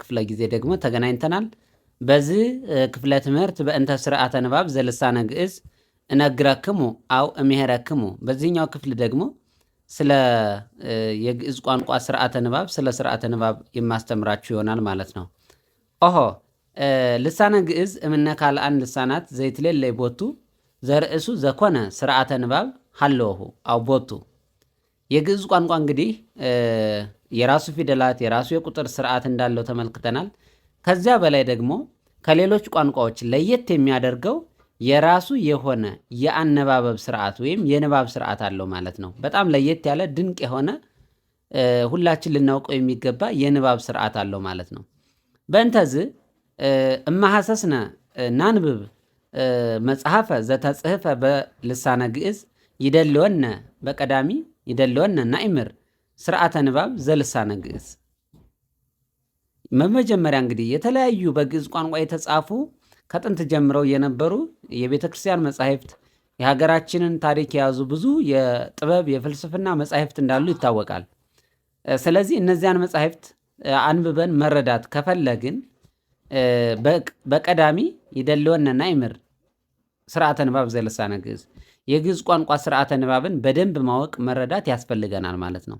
ክፍለ ጊዜ ደግሞ ተገናኝተናል። በዚህ ክፍለ ትምህርት በእንተ ስርዓተ ንባብ ዘልሳነ ግእዝ እነግረክሙ አው እምሄረክሙ። በዚህኛው ክፍል ደግሞ ስለ የግእዝ ቋንቋ ስርዓተ ንባብ ስለ ስርዓተ ንባብ የማስተምራችሁ ይሆናል ማለት ነው። ኦሆ ልሳነ ግእዝ እምነ ካልአን ልሳናት ዘይትሌለይ ቦቱ ዘርእሱ ዘኮነ ስርዓተ ንባብ ሃለወሁ አው ቦቱ የግእዝ ቋንቋ እንግዲህ የራሱ ፊደላት የራሱ የቁጥር ስርዓት እንዳለው ተመልክተናል። ከዚያ በላይ ደግሞ ከሌሎች ቋንቋዎች ለየት የሚያደርገው የራሱ የሆነ የአነባበብ ስርዓት ወይም የንባብ ስርዓት አለው ማለት ነው። በጣም ለየት ያለ ድንቅ የሆነ ሁላችን ልናውቀው የሚገባ የንባብ ስርዓት አለው ማለት ነው። በእንተዝ እማሐሰስነ ናንብብ መጽሐፈ ዘተጽህፈ በልሳነ ግእዝ ይደልወነ በቀዳሚ ይደልወነ ናእምር ስርዓተ ንባብ ዘልሳነ ግዕዝ በመጀመሪያ እንግዲህ የተለያዩ በግዕዝ ቋንቋ የተጻፉ ከጥንት ጀምረው የነበሩ የቤተ ክርስቲያን መጻሕፍት የሀገራችንን ታሪክ የያዙ ብዙ የጥበብ የፍልስፍና መጻሕፍት እንዳሉ ይታወቃል። ስለዚህ እነዚያን መጻሕፍት አንብበን መረዳት ከፈለግን በቀዳሚ ይደልወነና ይምር ስርዓተ ንባብ ዘልሳነ ግዕዝ የግዕዝ ቋንቋ ስርዓተ ንባብን በደንብ ማወቅ መረዳት ያስፈልገናል ማለት ነው።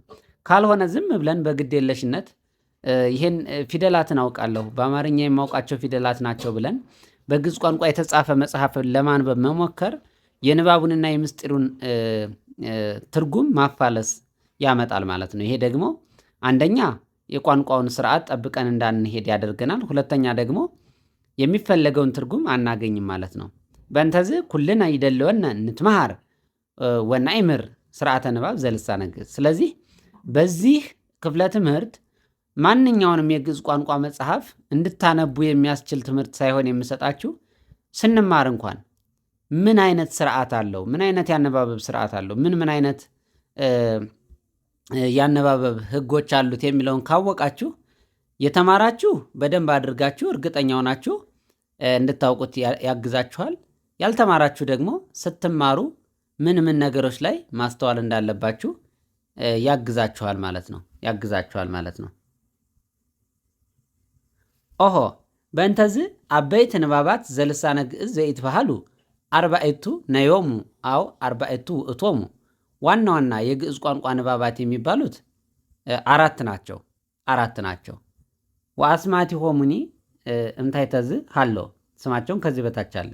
ካልሆነ ዝም ብለን በግድ የለሽነት ይሄን ፊደላትን አውቃለሁ በአማርኛ የማውቃቸው ፊደላት ናቸው ብለን በግዕዝ ቋንቋ የተጻፈ መጽሐፍ ለማንበብ መሞከር የንባቡንና የምስጢሩን ትርጉም ማፋለስ ያመጣል ማለት ነው። ይሄ ደግሞ አንደኛ የቋንቋውን ስርዓት ጠብቀን እንዳንሄድ ያደርገናል። ሁለተኛ ደግሞ የሚፈለገውን ትርጉም አናገኝም ማለት ነው። በእንተዝ ኩልና ንትመሃር ወና ይምር ስርዓተ ንባብ ዘልሳነ ግዕዝ ስለዚህ በዚህ ክፍለ ትምህርት ማንኛውንም የግዕዝ ቋንቋ መጽሐፍ እንድታነቡ የሚያስችል ትምህርት ሳይሆን የምሰጣችሁ ስንማር እንኳን ምን አይነት ስርዓት አለው፣ ምን አይነት የአነባበብ ስርዓት አለው፣ ምን ምን አይነት የአነባበብ ህጎች አሉት የሚለውን ካወቃችሁ የተማራችሁ በደንብ አድርጋችሁ እርግጠኛው ናችሁ እንድታውቁት ያግዛችኋል። ያልተማራችሁ ደግሞ ስትማሩ ምን ምን ነገሮች ላይ ማስተዋል እንዳለባችሁ ያግዛችኋል ማለት ነው። ያግዛችኋል ማለት ነው። ኦሆ በእንተዝ አበይት ንባባት ዘልሳነ ግዕዝ ዘይትበሃሉ አርባዕቱ ነዮሙ አው አርባዕቱ ውእቶሙ። ዋና ዋና የግእዝ ቋንቋ ንባባት የሚባሉት አራት ናቸው። አራት ናቸው። ወአስማቲ ሆሙኒ ተዝ ሃሎ ስማቸውን ከዚህ በታች አለ።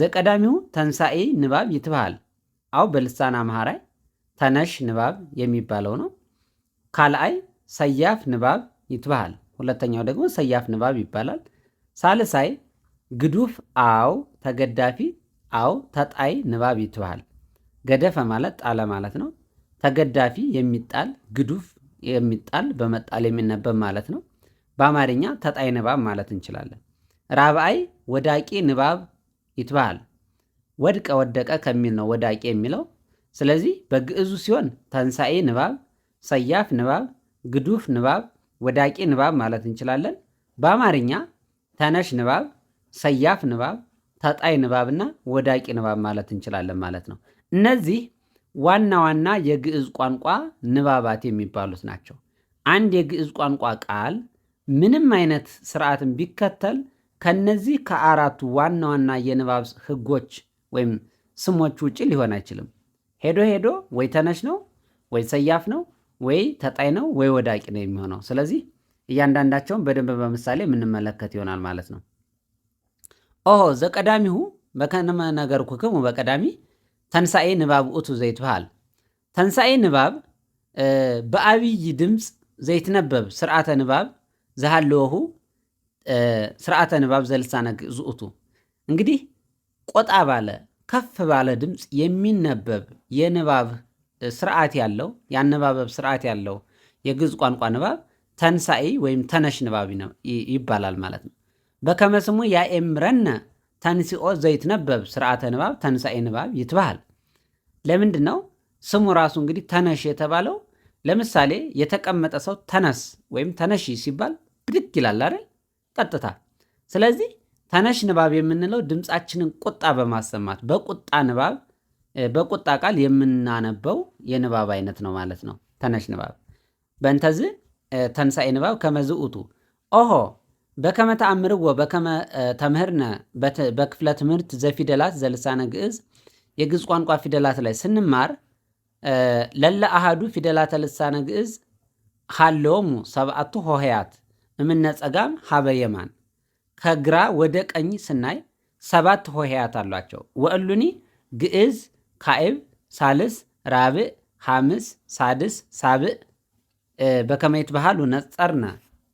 ዘቀዳሚው ተንሳኤ ንባብ ይትበሃል አው በልሳና አምሃራይ ተነሽ ንባብ የሚባለው ነው። ካልአይ ሰያፍ ንባብ ይትባሃል። ሁለተኛው ደግሞ ሰያፍ ንባብ ይባላል። ሳልሳይ ግዱፍ አው ተገዳፊ አው ተጣይ ንባብ ይትባሃል። ገደፈ ማለት ጣለ ማለት ነው። ተገዳፊ የሚጣል ግዱፍ የሚጣል በመጣል የሚነበብ ማለት ነው። በአማርኛ ተጣይ ንባብ ማለት እንችላለን። ራብአይ ወዳቂ ንባብ ይትባሃል። ወድቀ ወደቀ ከሚል ነው ወዳቂ የሚለው ስለዚህ በግዕዙ ሲሆን ተንሳኤ ንባብ፣ ሰያፍ ንባብ፣ ግዱፍ ንባብ፣ ወዳቂ ንባብ ማለት እንችላለን። በአማርኛ ተነሽ ንባብ፣ ሰያፍ ንባብ፣ ተጣይ ንባብና ወዳቂ ንባብ ማለት እንችላለን ማለት ነው። እነዚህ ዋና ዋና የግዕዝ ቋንቋ ንባባት የሚባሉት ናቸው። አንድ የግዕዝ ቋንቋ ቃል ምንም አይነት ስርዓትን ቢከተል ከነዚህ ከአራቱ ዋና ዋና የንባብ ህጎች ወይም ስሞች ውጭ ሊሆን አይችልም። ሄዶ ሄዶ ወይ ተነሽ ነው ወይ ሰያፍ ነው ወይ ተጣይ ነው ወይ ወዳቂ ነው የሚሆነው። ስለዚህ እያንዳንዳቸውን በደንብ በምሳሌ የምንመለከት ይሆናል ማለት ነው። ኦሆ ዘቀዳሚሁ በከነመ ነገር ኩክሙ በቀዳሚ ተንሳኤ ንባብ ውእቱ ዘይትበሃል ተንሳኤ ንባብ በአብይ ድምፅ ዘይትነበብ ስርዓተ ንባብ ዝሃለወሁ ስርዓተ ንባብ ዘልሳነ ግእዝ ውእቱ እንግዲህ ቆጣ ባለ ከፍ ባለ ድምፅ የሚነበብ የንባብ ስርዓት ያለው የአነባበብ ስርዓት ያለው የግዕዝ ቋንቋ ንባብ ተንሳኢ ወይም ተነሽ ንባብ ይባላል ማለት ነው። በከመስሙ ያኤምረነ ተንሲኦ ዘይትነበብ ስርዓተ ንባብ ተንሳኢ ንባብ ይትባሃል። ለምንድ ነው ስሙ ራሱ እንግዲህ ተነሽ የተባለው? ለምሳሌ የተቀመጠ ሰው ተነስ ወይም ተነሺ ሲባል ብድግ ይላል አይደል? ቀጥታ ስለዚህ ተነሽ ንባብ የምንለው ድምፃችንን ቁጣ በማሰማት በቁጣ ንባብ በቁጣ ቃል የምናነበው የንባብ አይነት ነው ማለት ነው። ተነሽ ንባብ በእንተዝ ተንሳኤ ንባብ ከመዝኡቱ ኦሆ በከመ ተአምርዎ በከመ ተምህርነ በክፍለ ትምህርት ዘፊደላት ዘልሳነ ግእዝ የግዕዝ ቋንቋ ፊደላት ላይ ስንማር ለለ አሃዱ ፊደላተ ልሳነ ግእዝ ሃለዎሙ ሰብአቱ ሆሄያት እምነ ጸጋም ሀበየማን ከግራ ወደ ቀኝ ስናይ ሰባት ሆሄያት አሏቸው። ወእሉኒ ግዕዝ፣ ካዕብ፣ ሳልስ፣ ራብዕ፣ ሐምስ፣ ሳድስ፣ ሳብዕ በከመይት ባህሉ ነጸርነ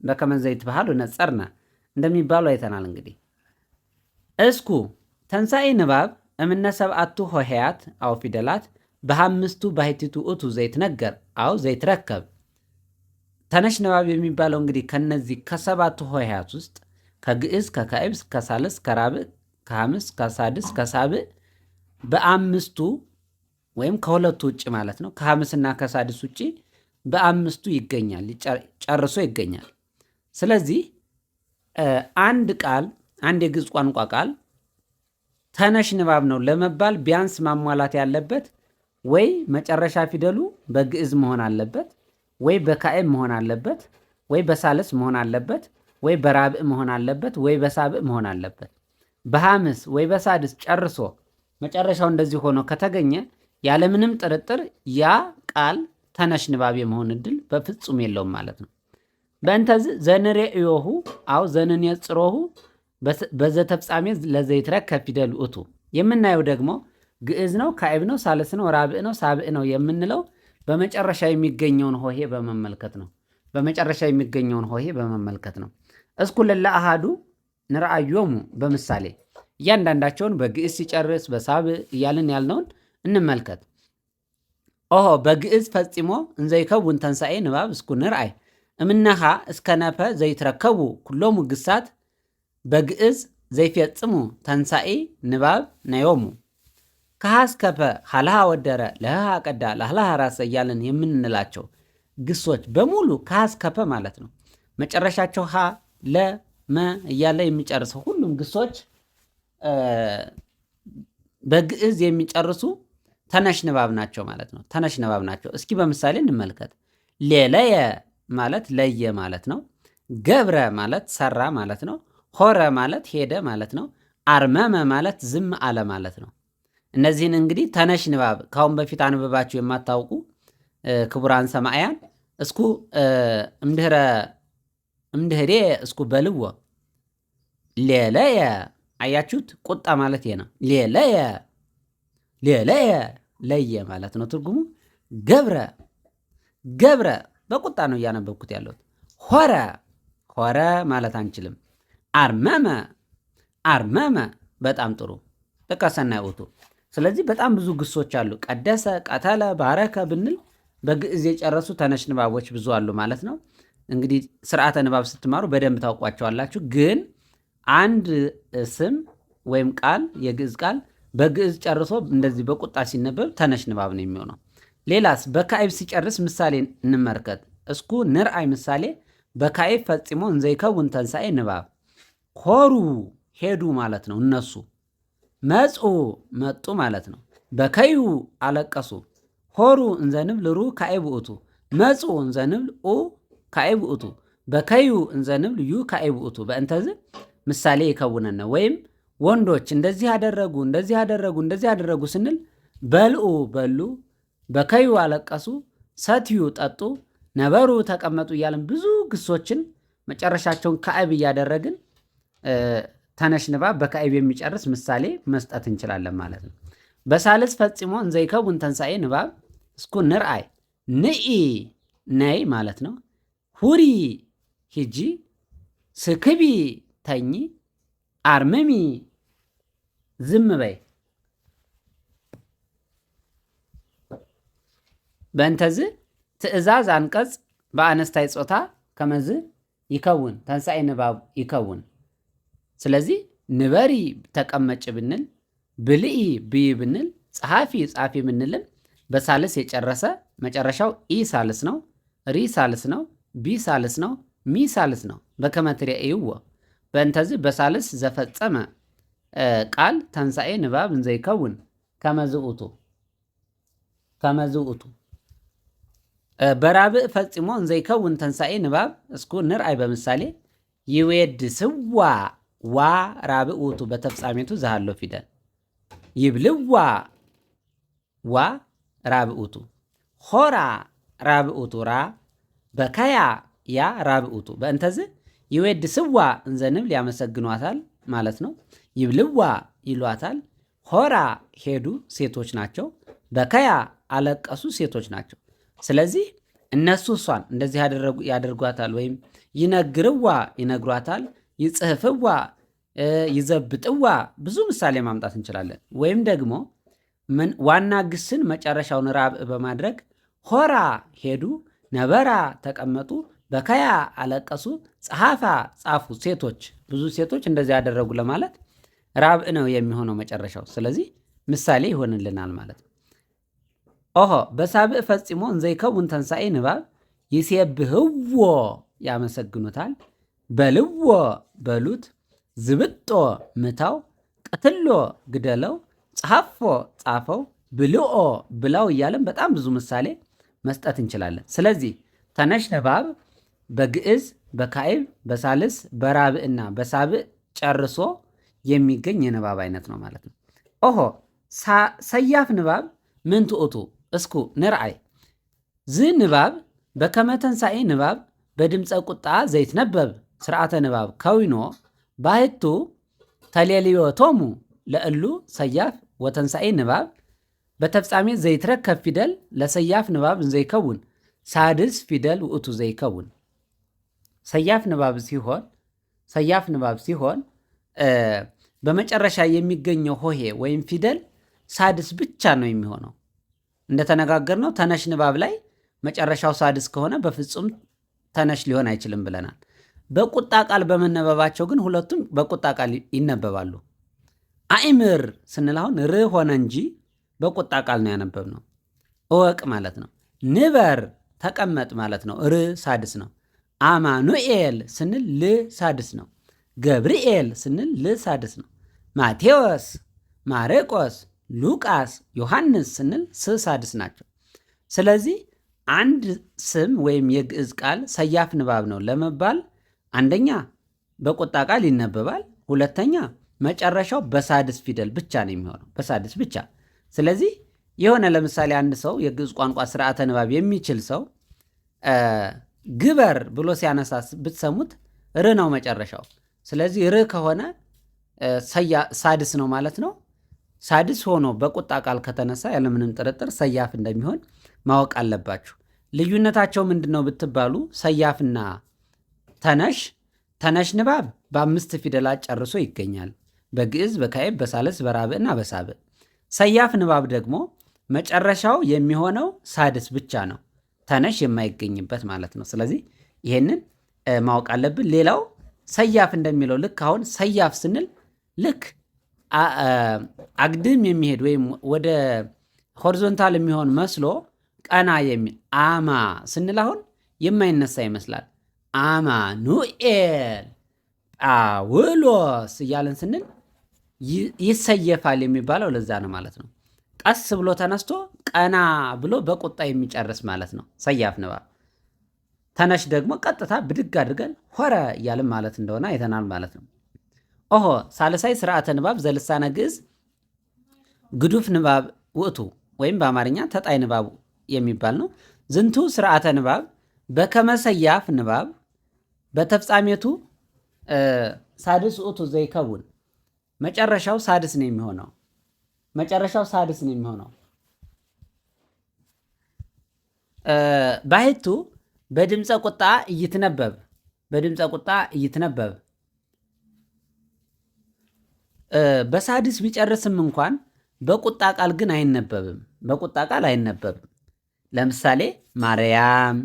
በከመ ዘይትበሃሉ ነጸርነ እንደሚባሉ አይተናል። እንግዲህ እስኩ ተንሣኤ ንባብ እምነ ሰብአቱ ሆሄያት አው ፊደላት በሐምስቱ ባሕቲቱ እቱ ዘይትነገር አው ዘይትረከብ ተነሽ ንባብ የሚባለው እንግዲህ ከነዚህ ከሰባቱ ሆሄያት ውስጥ ከግዕዝ ከካዕብስ ከሳልስ ከራብዕ ከሐምስ ከሳድስ ከሳብዕ በአምስቱ ወይም ከሁለቱ ውጭ ማለት ነው። ከሐምስና ከሳድስ ውጭ በአምስቱ ይገኛል፣ ጨርሶ ይገኛል። ስለዚህ አንድ ቃል አንድ የግዕዝ ቋንቋ ቃል ተነሽ ንባብ ነው ለመባል ቢያንስ ማሟላት ያለበት ወይ መጨረሻ ፊደሉ በግዕዝ መሆን አለበት፣ ወይ በካዕብ መሆን አለበት፣ ወይ በሳልስ መሆን አለበት ወይ በራብዕ መሆን አለበት ወይ በሳብዕ መሆን አለበት። በሐምስ ወይ በሳድስ ጨርሶ መጨረሻው እንደዚህ ሆኖ ከተገኘ ያለምንም ጥርጥር ያ ቃል ተነሽ ንባብ የመሆን እድል በፍጹም የለውም ማለት ነው። በእንተዝ እዮሁ አው ዘንን የጽሮሁ በዘተፍጻሜ ለዘይትረከብ ከፊደል ውእቱ። የምናየው ደግሞ ግዕዝ ነው፣ ካዕብ ነው፣ ሳልስ ነው፣ ራብዕ ነው፣ ሳብዕ ነው የምንለው በመጨረሻ የሚገኘውን ሆሄ በመመልከት ነው። በመጨረሻ የሚገኘውን ሆሄ በመመልከት ነው። እስኩል ለአሃዱ ንርአዮሙ በምሳሌ እያንዳንዳቸውን በግዕዝ ሲጨርስ በሳብ እያልን ያልነውን እንመልከት። ኦሆ በግዕዝ ፈጺሞ እንዘይከውን ተንሣኤ ንባብ እስኩ ንርአይ እምነኻ እስከ ነፈ ዘይትረከቡ ኩሎሙ ግሳት በግዕዝ ዘይፈጽሙ ተንሣኤ ንባብ ነዮሙ ከሃ እስከ ሃልሃ ወደረ ለህሃ ቀዳ ላህላሃ ራሰ እያልን የምንላቸው ግሶች በሙሉ ከሃ እስከ ማለት ነው መጨረሻቸው ሃ ለመ እያለ የሚጨርሰው ሁሉም ግሶች በግዕዝ የሚጨርሱ ተነሽ ንባብ ናቸው ማለት ነው። ተነሽ ንባብ ናቸው። እስኪ በምሳሌ እንመልከት። ሌለየ ማለት ለየ ማለት ነው። ገብረ ማለት ሰራ ማለት ነው። ሆረ ማለት ሄደ ማለት ነው። አርመመ ማለት ዝም አለ ማለት ነው። እነዚህን እንግዲህ ተነሽ ንባብ ካሁን በፊት አንብባችሁ የማታውቁ ክቡራን ሰማዕያን እስኩ እምድኅረ እምድህሬ እስኩ በልዎ ሌለየ። አያችሁት? ቁጣ ማለት ነው። ሌለየ ሌለየ ለየ ማለት ነው ትርጉሙ። ገብረ ገብረ በቁጣ ነው እያነበብኩት ያለሁት። ሆረ ሆረ ማለት አንችልም። አርመመ አርመመ በጣም ጥሩ በቃ ሰናይ ውቱ። ስለዚህ በጣም ብዙ ግሶች አሉ። ቀደሰ፣ ቀተለ፣ ባረከ ብንል በግዕዝ የጨረሱ ተነሽንባቦች ብዙ አሉ ማለት ነው። እንግዲህ ስርዓተ ንባብ ስትማሩ በደንብ ታውቋቸዋላችሁ። ግን አንድ ስም ወይም ቃል የግዕዝ ቃል በግዕዝ ጨርሶ እንደዚህ በቁጣ ሲነበብ ተነሽ ንባብ ነው የሚሆነው። ሌላስ በካዕብ ሲጨርስ ምሳሌ እንመልከት። እስኩ ንርአይ ምሳሌ በካዕብ ፈጽሞ እንዘይከውን ተንሳኤ ንባብ። ኮሩ ሄዱ ማለት ነው እነሱ። መፁ መጡ ማለት ነው። በከዩ አለቀሱ። ሆሩ እንዘንብል ሩ ካዕብ ውእቱ መፁ እንዘንብል ኡ ካዕብ ብኡቱ በከዩ እንዘንብ ልዩ ካዕብ ብኡቱ በእንተዝ ምሳሌ ይከውነነ ወይም ወንዶች እንደዚህ ያደረጉ እንደዚህ ያደረጉ እንደዚህ ያደረጉ ስንል በልኡ በሉ፣ በከዩ አለቀሱ፣ ሰትዩ ጠጡ፣ ነበሩ ተቀመጡ እያለን ብዙ ግሶችን መጨረሻቸውን ከአብ እያደረግን ተነሽ ንባብ በካዕብ የሚጨርስ ምሳሌ መስጠት እንችላለን ማለት ነው። በሳልስ ፈጽሞ እንዘይከቡን ተንሳኤ ንባብ እስኩ ንርአይ ንኢ ነይ ማለት ነው። ሁሪ ሂጂ፣ ስክቢ ተኚ፣ አርምሚ ዝም በይ። በእንተዝ ትእዛዝ አንቀጽ በአነስታይ ጾታ ከመዝ ይከውን ተንሳኤ ንባብ ይከውን። ስለዚህ ንበሪ ተቀመጭ ብንል፣ ብልኢ ብይ ብንል፣ ጸሐፊ ጻፊ ብንልም በሳልስ የጨረሰ መጨረሻው ኢ ሳልስ ነው፣ ሪ ሳልስ ነው ቢ ሳልስ ነው። ሚ ሳልስ ነው። በከመትሪያ እይዎ በእንተዚ በሳልስ ዘፈጸመ ቃል ተንሳኤ ንባብ እንዘይከውን ከመዝኡቱ ከመዝኡቱ በራብእ ፈጺሞ እንዘይከውን ተንሳኤ ንባብ እስኩ ንርአይ በምሳሌ ስዋ ዋ ራብእ ውቱ በተፍጻሜቱ ዝሃሎ ፊደል ይብልዋ ዋ ራብዕ ውቱ ሆራ ራብዕ ውቱ ራ በከያ ያ ራብኡቱ በእንተዝ ይወድ ስዋ እንዘንብል ያመሰግኗታል ማለት ነው። ይብልዋ ይሏታል። ሆራ ሄዱ ሴቶች ናቸው። በከያ አለቀሱ ሴቶች ናቸው። ስለዚህ እነሱ እሷን እንደዚህ ያደርጓታል፣ ወይም ይነግርዋ ይነግሯታል፣ ይጽህፍዋ ይዘብጥዋ። ብዙ ምሳሌ ማምጣት እንችላለን። ወይም ደግሞ ዋና ግስን መጨረሻውን ራብዕ በማድረግ ሆራ ሄዱ ነበራ ተቀመጡ፣ በከያ አለቀሱ፣ ጸሐፋ ጻፉ። ሴቶች ብዙ ሴቶች እንደዚህ ያደረጉ ለማለት ራብዕ ነው የሚሆነው መጨረሻው። ስለዚህ ምሳሌ ይሆንልናል ማለት ነው። ኦሆ በሳብዕ ፈጽሞ እንዘይከውን ተንሣኤ ንባብ ይሴብህዎ ያመሰግኑታል፣ በልዎ በሉት፣ ዝብጦ ምታው፣ ቅትሎ ግደለው፣ ጸሐፎ ጻፈው፣ ብልኦ ብላው እያለን በጣም ብዙ ምሳሌ መስጠት እንችላለን። ስለዚህ ተነሽ እባብ በግዕዝ በካዕብ በሳልስ በራብዕ እና በሳብዕ ጨርሶ የሚገኝ የንባብ አይነት ነው ማለት ነው። ኦሆ ሰያፍ ንባብ ምን ትኡቱ እስኩ ንርአይ ዝ ንባብ በከመተንሳኤ ንባብ በድምፀ ቁጣ ዘይትነበብ ስርዓተ ንባብ ከዊኖ ባህቱ ተሌልዮቶሙ ለእሉ ሰያፍ ወተንሳኤ ንባብ በተፍጻሜ ዘይትረከብ ፊደል ለሰያፍ ንባብ ዘይከውን ሳድስ ፊደል ውእቱ ዘይከውን ሰያፍ ንባብ ሲሆን ሰያፍ ንባብ ሲሆን በመጨረሻ የሚገኘው ሆሄ ወይም ፊደል ሳድስ ብቻ ነው የሚሆነው። እንደተነጋገርነው ተነሽ ንባብ ላይ መጨረሻው ሳድስ ከሆነ በፍጹም ተነሽ ሊሆን አይችልም ብለናል። በቁጣ ቃል በመነበባቸው ግን ሁለቱም በቁጣ ቃል ይነበባሉ። አእምር ስንል አሁን ር ሆነ እንጂ በቁጣ ቃል ነው ያነበብነው። እወቅ ማለት ነው። ንበር ተቀመጥ ማለት ነው። ር ሳድስ ነው። አማኑኤል ስንል ል ሳድስ ነው። ገብርኤል ስንል ል ሳድስ ነው። ማቴዎስ፣ ማርቆስ፣ ሉቃስ፣ ዮሐንስ ስንል ስ ሳድስ ናቸው። ስለዚህ አንድ ስም ወይም የግዕዝ ቃል ሰያፍ ንባብ ነው ለመባል አንደኛ በቁጣ ቃል ይነበባል፣ ሁለተኛ መጨረሻው በሳድስ ፊደል ብቻ ነው የሚሆነው በሳድስ ብቻ ስለዚህ የሆነ ለምሳሌ አንድ ሰው የግዕዝ ቋንቋ ስርዓተ ንባብ የሚችል ሰው ግበር ብሎ ሲያነሳ ብትሰሙት ር ነው መጨረሻው። ስለዚህ ር ከሆነ ሳድስ ነው ማለት ነው። ሳድስ ሆኖ በቁጣ ቃል ከተነሳ ያለምንም ጥርጥር ሰያፍ እንደሚሆን ማወቅ አለባችሁ። ልዩነታቸው ምንድን ነው ብትባሉ ሰያፍና ተነሽ ተነሽ ንባብ በአምስት ፊደላት ጨርሶ ይገኛል። በግዕዝ በካዕብ በሳልስ በራብዕ እና በሳብዕ ሰያፍ ንባብ ደግሞ መጨረሻው የሚሆነው ሳድስ ብቻ ነው፣ ተነሽ የማይገኝበት ማለት ነው። ስለዚህ ይሄንን ማወቅ አለብን። ሌላው ሰያፍ እንደሚለው ልክ አሁን ሰያፍ ስንል ልክ አግድም የሚሄድ ወይም ወደ ሆሪዞንታል የሚሆን መስሎ ቀና የሚል አማ ስንል አሁን የማይነሳ ይመስላል። አማኑኤል ጳውሎስ እያለን ስንል ይሰየፋል የሚባለው ለዛ ነው ማለት ነው። ቀስ ብሎ ተነስቶ ቀና ብሎ በቁጣ የሚጨርስ ማለት ነው ሰያፍ ንባብ። ተነሽ ደግሞ ቀጥታ ብድግ አድርገን ሆረ እያልን ማለት እንደሆነ አይተናል ማለት ነው። ኦሆ ሳልሳይ ስርዓተ ንባብ ዘልሳነ ግዕዝ ግዱፍ ንባብ ውእቱ ወይም በአማርኛ ተጣይ ንባብ የሚባል ነው። ዝንቱ ስርዓተ ንባብ በከመሰያፍ ንባብ በተፍጻሜቱ ሳድስ ውእቱ ዘይከውን መጨረሻው ሳድስ ነው የሚሆነው። መጨረሻው ሳድስ ነው የሚሆነው። ባሕቱ በድምፀ ቁጣ እይትነበብ በድምፀ ቁጣ እይትነበብ በሳድስ ቢጨርስም እንኳን በቁጣ ቃል ግን አይነበብም። በቁጣ ቃል አይነበብም። ለምሳሌ ማርያም፣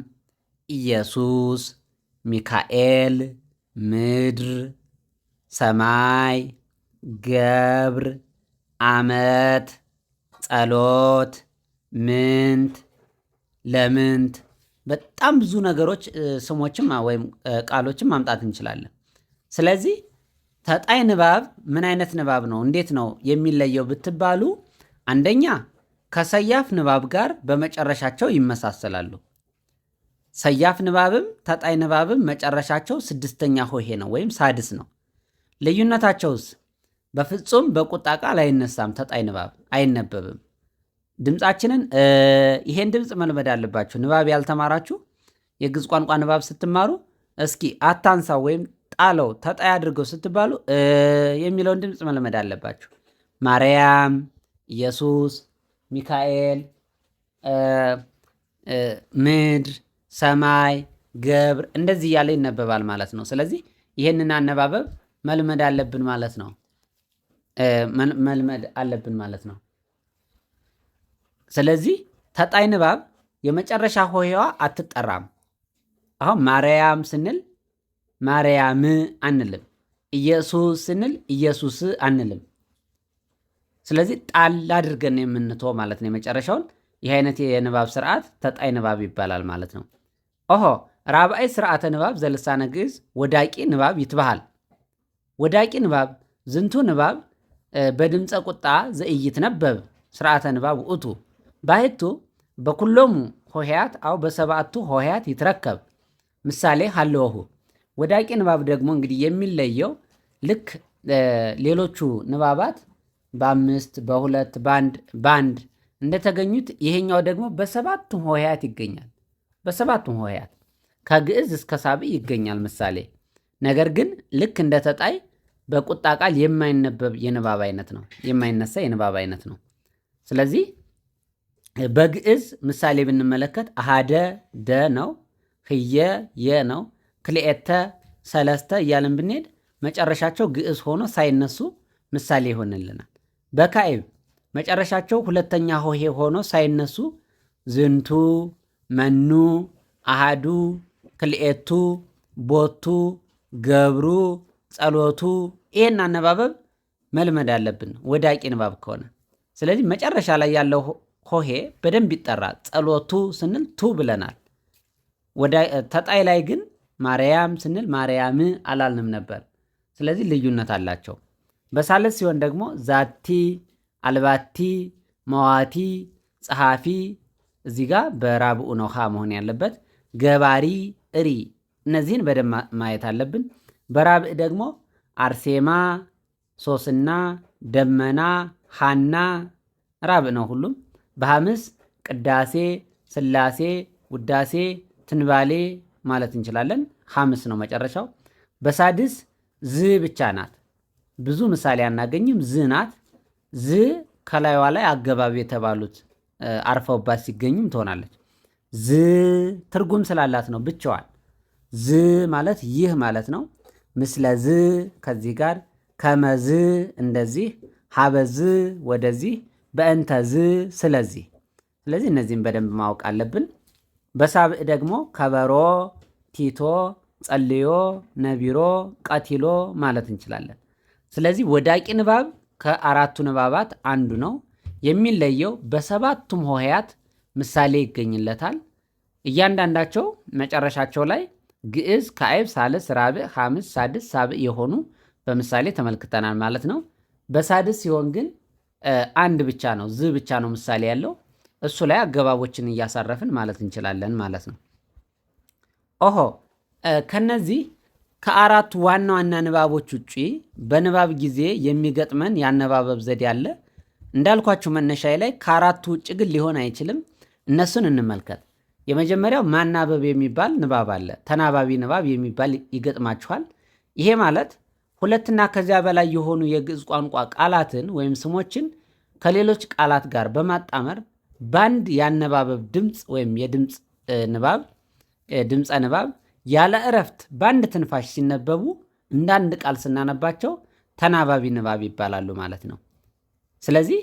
ኢየሱስ፣ ሚካኤል፣ ምድር፣ ሰማይ ገብር አመት ጸሎት ምንት ለምንት በጣም ብዙ ነገሮች ስሞችም ወይም ቃሎችን ማምጣት እንችላለን። ስለዚህ ተጣይ ንባብ ምን አይነት ንባብ ነው? እንዴት ነው የሚለየው ብትባሉ፣ አንደኛ ከሰያፍ ንባብ ጋር በመጨረሻቸው ይመሳሰላሉ። ሰያፍ ንባብም ተጣይ ንባብም መጨረሻቸው ስድስተኛ ሆሄ ነው ወይም ሳድስ ነው። ልዩነታቸውስ በፍጹም በቁጣ ቃል አይነሳም። ተጣይ ንባብ አይነበብም። ድምፃችንን ይሄን ድምፅ መልመድ አለባችሁ። ንባብ ያልተማራችሁ የግዕዝ ቋንቋ ንባብ ስትማሩ እስኪ አታንሳው ወይም ጣለው ተጣይ አድርገው ስትባሉ የሚለውን ድምፅ መልመድ አለባችሁ። ማርያም፣ ኢየሱስ፣ ሚካኤል፣ ምድር፣ ሰማይ፣ ገብር እንደዚህ እያለ ይነበባል ማለት ነው። ስለዚህ ይህንን አነባበብ መልመድ አለብን ማለት ነው። መልመድ አለብን ማለት ነው። ስለዚህ ተጣይ ንባብ የመጨረሻ ሆሄዋ አትጠራም። አሁን ማርያም ስንል ማርያም አንልም። ኢየሱስ ስንል ኢየሱስ አንልም። ስለዚህ ጣል አድርገን የምንተው ማለት ነው የመጨረሻውን። ይህ አይነት የንባብ ስርዓት ተጣይ ንባብ ይባላል ማለት ነው። ኦሆ ራብአይ ስርዓተ ንባብ ዘልሳነ ግዕዝ ወዳቂ ንባብ ይትበሃል። ወዳቂ ንባብ ዝንቱ ንባብ በድምፀ ቁጣ ነበብ ስርዓተ ንባብ ውእቱ ባህቱ በኩሎሙ ሆሄያት አው በሰባቱ ሆሄያት ይትረከብ ምሳሌ ሃለወሁ። ወዳቂ ንባብ ደግሞ እንግዲህ የሚለየው ልክ ሌሎቹ ንባባት በአምስት በሁለት በአንድ በአንድ እንደተገኙት ይሄኛው ደግሞ በሰባቱ ሆሄያት ይገኛል። በሰባቱ ሆሄያት ከግዕዝ እስከ ሳብዕ ይገኛል ምሳሌ ነገር ግን ልክ እንደተጣይ በቁጣ ቃል የማይነበብ የንባብ አይነት ነው፣ የማይነሳ የንባብ አይነት ነው። ስለዚህ በግዕዝ ምሳሌ ብንመለከት አሃደ ደ ነው፣ ህየ የ ነው፣ ክልኤተ ሰለስተ እያለን ብንሄድ መጨረሻቸው ግዕዝ ሆኖ ሳይነሱ ምሳሌ ይሆንልናል። በካዕብ መጨረሻቸው ሁለተኛ ሆሄ ሆኖ ሳይነሱ ዝንቱ፣ መኑ፣ አሃዱ፣ ክልኤቱ፣ ቦቱ፣ ገብሩ፣ ጸሎቱ ይህን አነባበብ መልመድ አለብን፣ ወዳቂ ንባብ ከሆነ። ስለዚህ መጨረሻ ላይ ያለው ሆሄ በደንብ ይጠራል። ጸሎቱ ስንል ቱ ብለናል። ተጣይ ላይ ግን ማርያም ስንል ማርያም አላልንም ነበር። ስለዚህ ልዩነት አላቸው። በሳልስ ሲሆን ደግሞ ዛቲ፣ አልባቲ፣ መዋቲ፣ ጸሐፊ እዚህ ጋር በራብኡ ነውሃ መሆን ያለበት። ገባሪ፣ እሪ እነዚህን በደንብ ማየት አለብን። በራብእ ደግሞ አርሴማ፣ ሶስና፣ ደመና፣ ሃና ራብ ነው ሁሉም። በሐምስ ቅዳሴ፣ ስላሴ፣ ውዳሴ፣ ትንባሌ ማለት እንችላለን። ሐምስ ነው መጨረሻው። በሳድስ ዝ ብቻ ናት። ብዙ ምሳሌ አናገኝም። ዝ ናት። ዝ ከላይዋ ላይ አገባቢ የተባሉት አርፈውባት ሲገኙም ትሆናለች። ዝ ትርጉም ስላላት ነው ብቻዋን። ዝ ማለት ይህ ማለት ነው። ምስለዝ ከዚህ ጋር ከመዝ እንደዚህ ሀበዝ ወደዚህ በእንተዝ ስለዚህ ስለዚህ እነዚህም በደንብ ማወቅ አለብን። በሳብዕ ደግሞ ከበሮ፣ ቲቶ፣ ጸልዮ፣ ነቢሮ፣ ቀቲሎ ማለት እንችላለን። ስለዚህ ወዳቂ ንባብ ከአራቱ ንባባት አንዱ ነው። የሚለየው በሰባቱም ሆሄያት ምሳሌ ይገኝለታል። እያንዳንዳቸው መጨረሻቸው ላይ ግዕዝ ካዕብ፣ ሳልስ፣ ራብዕ፣ ሐምስ፣ ሳድስ፣ ሳብዕ የሆኑ በምሳሌ ተመልክተናል ማለት ነው። በሳድስ ሲሆን ግን አንድ ብቻ ነው፣ ዝ ብቻ ነው ምሳሌ ያለው። እሱ ላይ አገባቦችን እያሳረፍን ማለት እንችላለን ማለት ነው። ኦሆ ከነዚህ ከአራቱ ዋና ዋና ንባቦች ውጪ በንባብ ጊዜ የሚገጥመን የአነባበብ ዘዴ አለ። እንዳልኳችሁ መነሻዬ ላይ ከአራቱ ውጭ ግን ሊሆን አይችልም። እነሱን እንመልከት። የመጀመሪያው ማናበብ የሚባል ንባብ አለ። ተናባቢ ንባብ የሚባል ይገጥማችኋል። ይሄ ማለት ሁለትና ከዚያ በላይ የሆኑ የግዕዝ ቋንቋ ቃላትን ወይም ስሞችን ከሌሎች ቃላት ጋር በማጣመር በአንድ የአነባበብ ድምፅ ወይም የድምፅ ንባብ ድምፀ ንባብ ያለ እረፍት በአንድ ትንፋሽ ሲነበቡ እንደ አንድ ቃል ስናነባቸው ተናባቢ ንባብ ይባላሉ ማለት ነው። ስለዚህ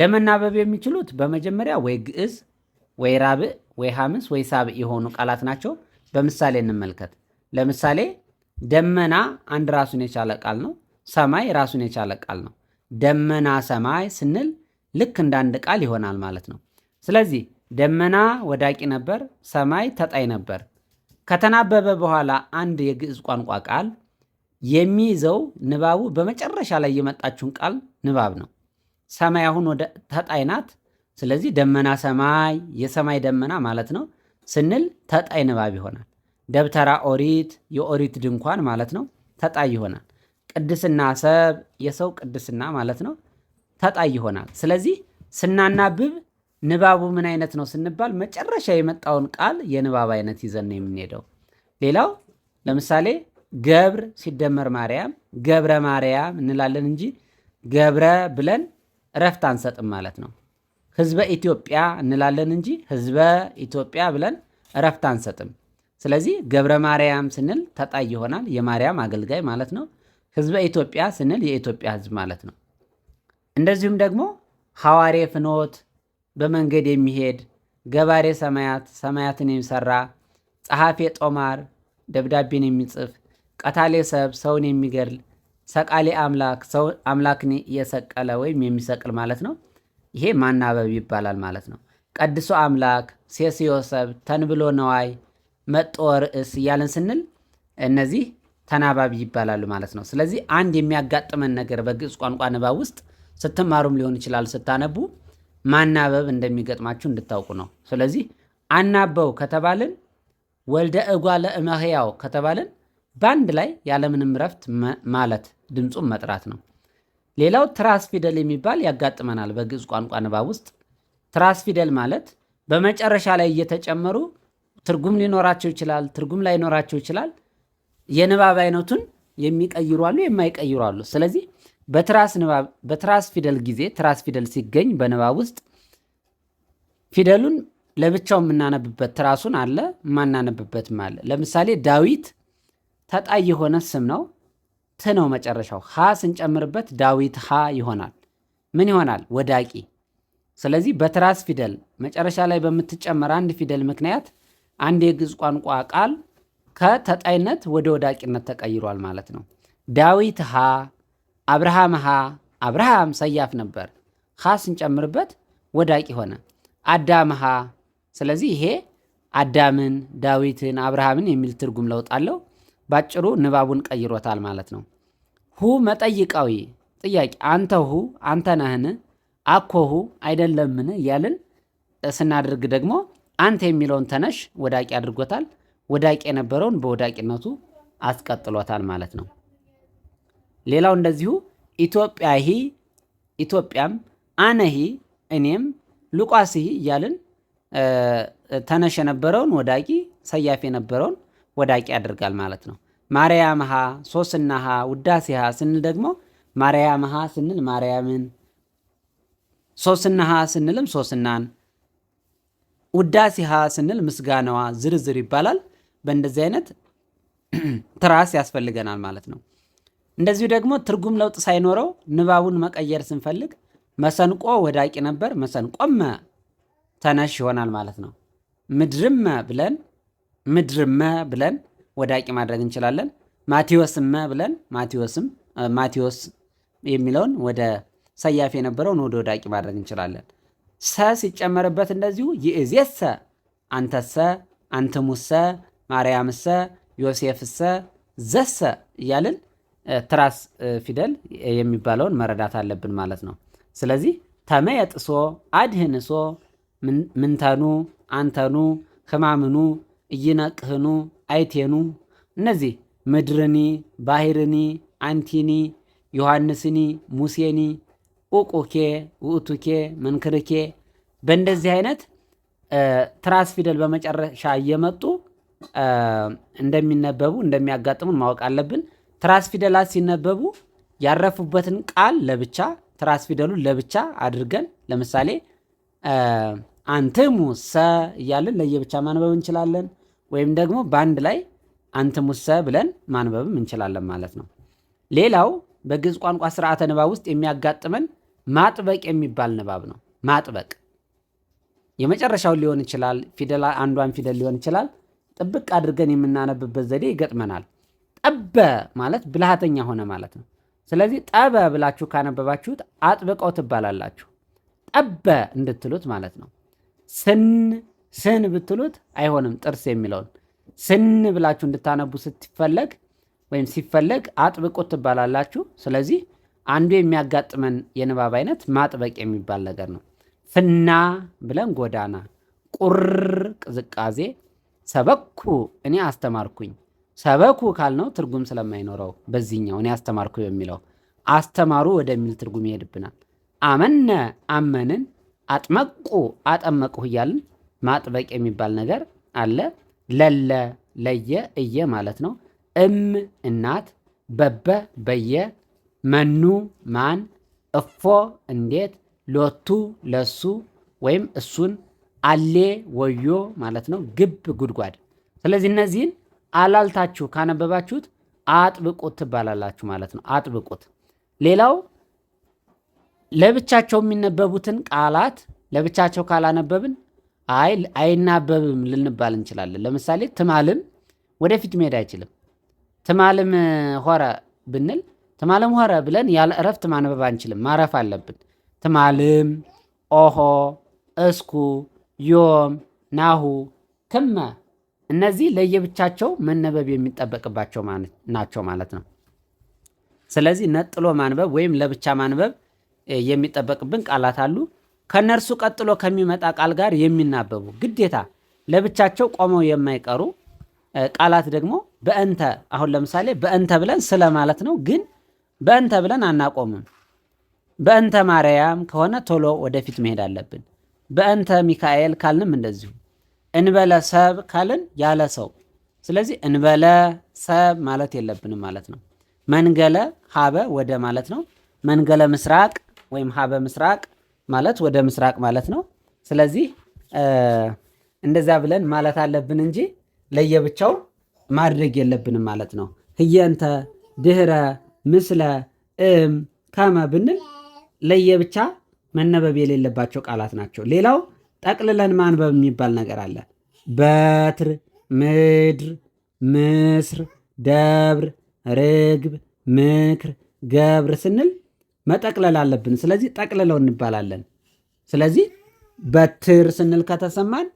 ለመናበብ የሚችሉት በመጀመሪያ ወይ ግዕዝ ወይ ራብዕ ወይ ሐምስ ወይ ሳብዕ የሆኑ ቃላት ናቸው። በምሳሌ እንመልከት። ለምሳሌ ደመና አንድ ራሱን የቻለ ቃል ነው። ሰማይ ራሱን የቻለ ቃል ነው። ደመና ሰማይ ስንል ልክ እንደ አንድ ቃል ይሆናል ማለት ነው። ስለዚህ ደመና ወዳቂ ነበር፣ ሰማይ ተጣይ ነበር። ከተናበበ በኋላ አንድ የግዕዝ ቋንቋ ቃል የሚይዘው ንባቡ በመጨረሻ ላይ የመጣችውን ቃል ንባብ ነው። ሰማይ አሁን ወደ ተጣይ ናት፣ ስለዚህ ደመና ሰማይ የሰማይ ደመና ማለት ነው ስንል ተጣይ ንባብ ይሆናል። ደብተራ ኦሪት የኦሪት ድንኳን ማለት ነው ተጣይ ይሆናል። ቅድስና ሰብ የሰው ቅድስና ማለት ነው ተጣይ ይሆናል። ስለዚህ ስናናብብ ንባቡ ምን አይነት ነው ስንባል መጨረሻ የመጣውን ቃል የንባብ አይነት ይዘን ነው የምንሄደው። ሌላው ለምሳሌ ገብር ሲደመር ማርያም ገብረ ማርያም እንላለን እንጂ ገብረ ብለን እረፍት አንሰጥም ማለት ነው። ህዝበ ኢትዮጵያ እንላለን እንጂ ህዝበ ኢትዮጵያ ብለን እረፍት አንሰጥም። ስለዚህ ገብረ ማርያም ስንል ተጣይ ይሆናል፣ የማርያም አገልጋይ ማለት ነው። ህዝበ ኢትዮጵያ ስንል የኢትዮጵያ ህዝብ ማለት ነው። እንደዚሁም ደግሞ ሐዋሬ ፍኖት በመንገድ የሚሄድ ገባሬ ሰማያት ሰማያትን የሚሰራ ጸሐፌ ጦማር ደብዳቤን የሚጽፍ ቀታሌ ሰብ ሰውን የሚገድል ሰቃሌ አምላክ ሰው አምላክን እየሰቀለ ወይም የሚሰቅል ማለት ነው። ይሄ ማናበብ ይባላል ማለት ነው። ቀድሶ አምላክ፣ ሴስዮሰብ፣ ተንብሎ ነዋይ፣ መጦ ርእስ እያለን ስንል እነዚህ ተናባቢ ይባላሉ ማለት ነው። ስለዚህ አንድ የሚያጋጥመን ነገር በግዕዝ ቋንቋ ንባብ ውስጥ ስትማሩም ሊሆን ይችላል ስታነቡ ማናበብ እንደሚገጥማችሁ እንድታውቁ ነው። ስለዚህ አናበው ከተባልን ወልደ እጓለ እመሕያው ከተባልን በአንድ ላይ ያለምንም እረፍት ማለት ድምፁን መጥራት ነው። ሌላው ትራስ ፊደል የሚባል ያጋጥመናል በግዕዝ ቋንቋ ንባብ ውስጥ። ትራስ ፊደል ማለት በመጨረሻ ላይ እየተጨመሩ ትርጉም ሊኖራቸው ይችላል፣ ትርጉም ላይኖራቸው ይችላል። የንባብ አይነቱን የሚቀይሩ የማይቀይሯሉ ስለዚህ በትራስ ንባብ በትራስ ፊደል ጊዜ ትራስ ፊደል ሲገኝ በንባብ ውስጥ ፊደሉን ለብቻው የምናነብበት ትራሱን አለ፣ የማናነብበትም አለ። ለምሳሌ ዳዊት ተጣይ የሆነ ስም ነው። ት ነው መጨረሻው። ሀ ስንጨምርበት ዳዊት ሀ ይሆናል። ምን ይሆናል? ወዳቂ። ስለዚህ በትራስ ፊደል መጨረሻ ላይ በምትጨመር አንድ ፊደል ምክንያት አንድ የግዕዝ ቋንቋ ቃል ከተጣይነት ወደ ወዳቂነት ተቀይሯል ማለት ነው። ዳዊት ሀ፣ አብርሃም ሀ። አብርሃም ሰያፍ ነበር። ሀ ስንጨምርበት ወዳቂ ሆነ። አዳም ሀ። ስለዚህ ይሄ አዳምን፣ ዳዊትን፣ አብርሃምን የሚል ትርጉም ለውጥ አለው። ባጭሩ ንባቡን ቀይሮታል ማለት ነው። ሁ መጠይቃዊ ጥያቄ አንተ ሁ አንተ ነህን አኮ ሁ አይደለምን እያልን ስናደርግ ደግሞ አንተ የሚለውን ተነሽ ወዳቂ አድርጎታል። ወዳቂ የነበረውን በወዳቂነቱ አስቀጥሎታል ማለት ነው። ሌላው እንደዚሁ ኢትዮጵያ ሂ ኢትዮጵያም፣ አነ ሂ እኔም፣ ሉቃስ ሂ እያልን ተነሽ የነበረውን ወዳቂ፣ ሰያፍ የነበረውን ወዳቂ ያደርጋል ማለት ነው። ማርያም ሃ ሶስና ሃ ውዳሴ ስንል ደግሞ ማርያም ስንል ማርያምን፣ ሶስና ስንልም ሶስናን፣ ውዳሴ ስንል ምስጋናዋ ዝርዝር ይባላል። በእንደዚህ አይነት ትራስ ያስፈልገናል ማለት ነው። እንደዚሁ ደግሞ ትርጉም ለውጥ ሳይኖረው ንባቡን መቀየር ስንፈልግ መሰንቆ ወዳቂ ነበር፣ መሰንቆመ ተነሽ ይሆናል ማለት ነው። ምድርመ ብለን ምድርመ ብለን ወዳቂ ማድረግ እንችላለን። ማቴዎስመ ብለን ማቴዎስም ማቴዎስ የሚለውን ወደ ሰያፍ የነበረውን ወደ ወዳቂ ማድረግ እንችላለን። ሰ ሲጨመርበት እንደዚሁ ይእዜሰ፣ አንተሰ፣ አንትሙሰ፣ ማርያምሰ፣ ዮሴፍሰ፣ ዘሰ እያልን ትራስ ፊደል የሚባለውን መረዳት አለብን ማለት ነው። ስለዚህ ተመየጥሶ አድህንሶ ምንተኑ አንተኑ ህማምኑ እይናቅህኑ አይቴኑ እነዚህ ምድርኒ ባህርኒ አንቲኒ ዮሐንስኒ ሙሴኒ ኡቁኬ ውእቱኬ መንክርኬ በእንደዚህ አይነት ትራስ ፊደል በመጨረሻ እየመጡ እንደሚነበቡ እንደሚያጋጥሙን ማወቅ አለብን። ትራስ ፊደላት ሲነበቡ ያረፉበትን ቃል ለብቻ ትራስ ፊደሉን ለብቻ አድርገን ለምሳሌ አንትሙ ሰ እያለን ለየብቻ ማንበብ እንችላለን። ወይም ደግሞ በአንድ ላይ አንትሙሰ ብለን ማንበብም እንችላለን ማለት ነው። ሌላው በግዕዝ ቋንቋ ስርዓተ ንባብ ውስጥ የሚያጋጥመን ማጥበቅ የሚባል ንባብ ነው። ማጥበቅ የመጨረሻውን ሊሆን ይችላል፣ ፊደል አንዷን ፊደል ሊሆን ይችላል። ጥብቅ አድርገን የምናነብበት ዘዴ ይገጥመናል። ጠበ ማለት ብልሃተኛ ሆነ ማለት ነው። ስለዚህ ጠበ ብላችሁ ካነበባችሁት አጥብቀው ትባላላችሁ። ጠበ እንድትሉት ማለት ነው። ስን ስን ብትሉት አይሆንም። ጥርስ የሚለውን ስን ብላችሁ እንድታነቡ ስትፈለግ ወይም ሲፈለግ አጥብቁ ትባላላችሁ። ስለዚህ አንዱ የሚያጋጥመን የንባብ አይነት ማጥበቅ የሚባል ነገር ነው። ፍና ብለን ጎዳና፣ ቁር ቅዝቃዜ፣ ሰበኩ እኔ አስተማርኩኝ። ሰበኩ ካልነው ትርጉም ስለማይኖረው በዚህኛው እኔ አስተማርኩ የሚለው አስተማሩ ወደሚል ትርጉም ይሄድብናል። አመነ አመንን፣ አጥመቁ አጠመቅሁ እያልን ማጥበቅ የሚባል ነገር አለ። ለለ ለየ እየ ማለት ነው። እም እናት፣ በበ በየ፣ መኑ ማን፣ እፎ እንዴት፣ ሎቱ ለሱ ወይም እሱን፣ አሌ ወዮ ማለት ነው። ግብ ጉድጓድ። ስለዚህ እነዚህን አላልታችሁ ካነበባችሁት አጥብቁት ትባላላችሁ ማለት ነው። አጥብቁት። ሌላው ለብቻቸው የሚነበቡትን ቃላት ለብቻቸው ካላነበብን አይ አይናበብም ልንባል እንችላለን። ለምሳሌ ትማልም ወደፊት መሄድ አይችልም። ትማልም ሆረ ብንል ትማልም ሆረ ብለን ያለ እረፍት ማንበብ አንችልም፣ ማረፍ አለብን። ትማልም ኦሆ፣ እስኩ፣ ዮም፣ ናሁ፣ ክመ እነዚህ ለየብቻቸው መነበብ የሚጠበቅባቸው ናቸው ማለት ነው። ስለዚህ ነጥሎ ማንበብ ወይም ለብቻ ማንበብ የሚጠበቅብን ቃላት አሉ። ከእነርሱ ቀጥሎ ከሚመጣ ቃል ጋር የሚናበቡ ግዴታ ለብቻቸው ቆመው የማይቀሩ ቃላት ደግሞ በእንተ አሁን ለምሳሌ በእንተ ብለን ስለ ማለት ነው። ግን በእንተ ብለን አናቆምም። በእንተ ማርያም ከሆነ ቶሎ ወደፊት መሄድ አለብን። በእንተ ሚካኤል ካልንም እንደዚሁ እንበለ ሰብ ካልን ያለ ሰው። ስለዚህ እንበለ ሰብ ማለት የለብንም ማለት ነው። መንገለ ሀበ ወደ ማለት ነው። መንገለ ምስራቅ ወይም ሀበ ምስራቅ ማለት ወደ ምስራቅ ማለት ነው። ስለዚህ እንደዛ ብለን ማለት አለብን እንጂ ለየብቻው ማድረግ የለብንም ማለት ነው። ህየንተ ድህረ ምስለ እም ከመ ብንል ለየብቻ መነበብ የሌለባቸው ቃላት ናቸው። ሌላው ጠቅልለን ማንበብ የሚባል ነገር አለ። በትር፣ ምድር፣ ምስር፣ ደብር፣ ርግብ፣ ምክር፣ ገብር ስንል መጠቅለል አለብን። ስለዚህ ጠቅልለው እንባላለን። ስለዚህ በትር ስንል ከተሰማን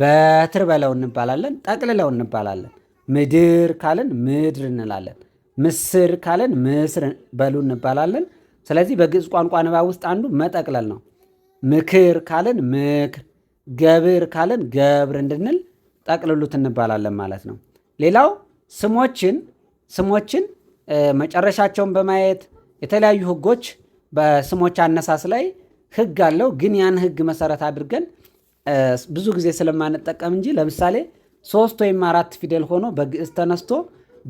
በትር በለው እንባላለን። ጠቅልለው እንባላለን። ምድር ካልን ምድር እንላለን። ምስር ካልን ምስር በሉ እንባላለን። ስለዚህ በግዕዝ ቋንቋ ንባብ ውስጥ አንዱ መጠቅለል ነው። ምክር ካልን ምክር፣ ገብር ካልን ገብር እንድንል ጠቅልሉት እንባላለን ማለት ነው። ሌላው ስሞችን ስሞችን መጨረሻቸውን በማየት የተለያዩ ህጎች በስሞች አነሳስ ላይ ህግ አለው። ግን ያን ህግ መሰረት አድርገን ብዙ ጊዜ ስለማንጠቀም እንጂ ለምሳሌ ሶስት ወይም አራት ፊደል ሆኖ በግዕዝ ተነስቶ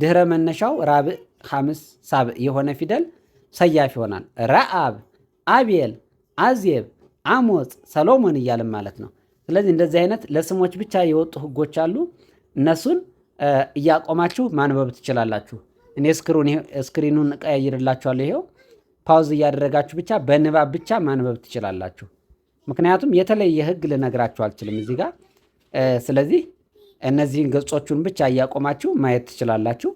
ድህረ መነሻው ራብዕ፣ ሐምስ፣ ሳብዕ የሆነ ፊደል ሰያፍ ይሆናል። ረአብ፣ አቤል፣ አዜብ፣ አሞፅ፣ ሰሎሞን እያልን ማለት ነው። ስለዚህ እንደዚህ አይነት ለስሞች ብቻ የወጡ ህጎች አሉ። እነሱን እያቆማችሁ ማንበብ ትችላላችሁ። እኔ ስክሪኑን እቀያይርላችኋለሁ። ይሄው ፓውዝ እያደረጋችሁ ብቻ በንባብ ብቻ ማንበብ ትችላላችሁ። ምክንያቱም የተለየ ህግ ልነግራችሁ አልችልም እዚህ ጋር። ስለዚህ እነዚህን ገጾቹን ብቻ እያቆማችሁ ማየት ትችላላችሁ።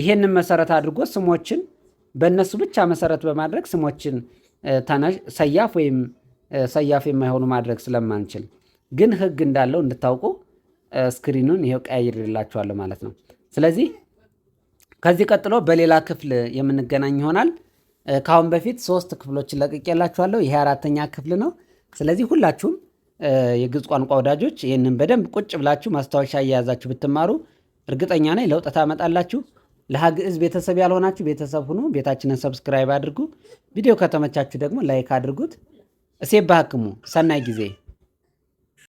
ይሄንን መሰረት አድርጎ ስሞችን በእነሱ ብቻ መሰረት በማድረግ ስሞችን ሰያፍ ወይም ሰያፍ የማይሆኑ ማድረግ ስለማንችል ግን ህግ እንዳለው እንድታውቁ ስክሪኑን ይሄው ቀያይርላችኋለሁ ማለት ነው። ስለዚህ ከዚህ ቀጥሎ በሌላ ክፍል የምንገናኝ ይሆናል። ከአሁን በፊት ሶስት ክፍሎችን ለቅቄላችኋለሁ። ይሄ አራተኛ ክፍል ነው። ስለዚህ ሁላችሁም የግዕዝ ቋንቋ ወዳጆች ይህንን በደንብ ቁጭ ብላችሁ ማስታወሻ እየያዛችሁ ብትማሩ እርግጠኛ ነኝ ለውጥ ታመጣላችሁ። ለሀግዕዝ ቤተሰብ ያልሆናችሁ ቤተሰብ ሁኑ። ቤታችንን ሰብስክራይብ አድርጉ። ቪዲዮ ከተመቻችሁ ደግሞ ላይክ አድርጉት። እሴ ባህክሙ ሰናይ ጊዜ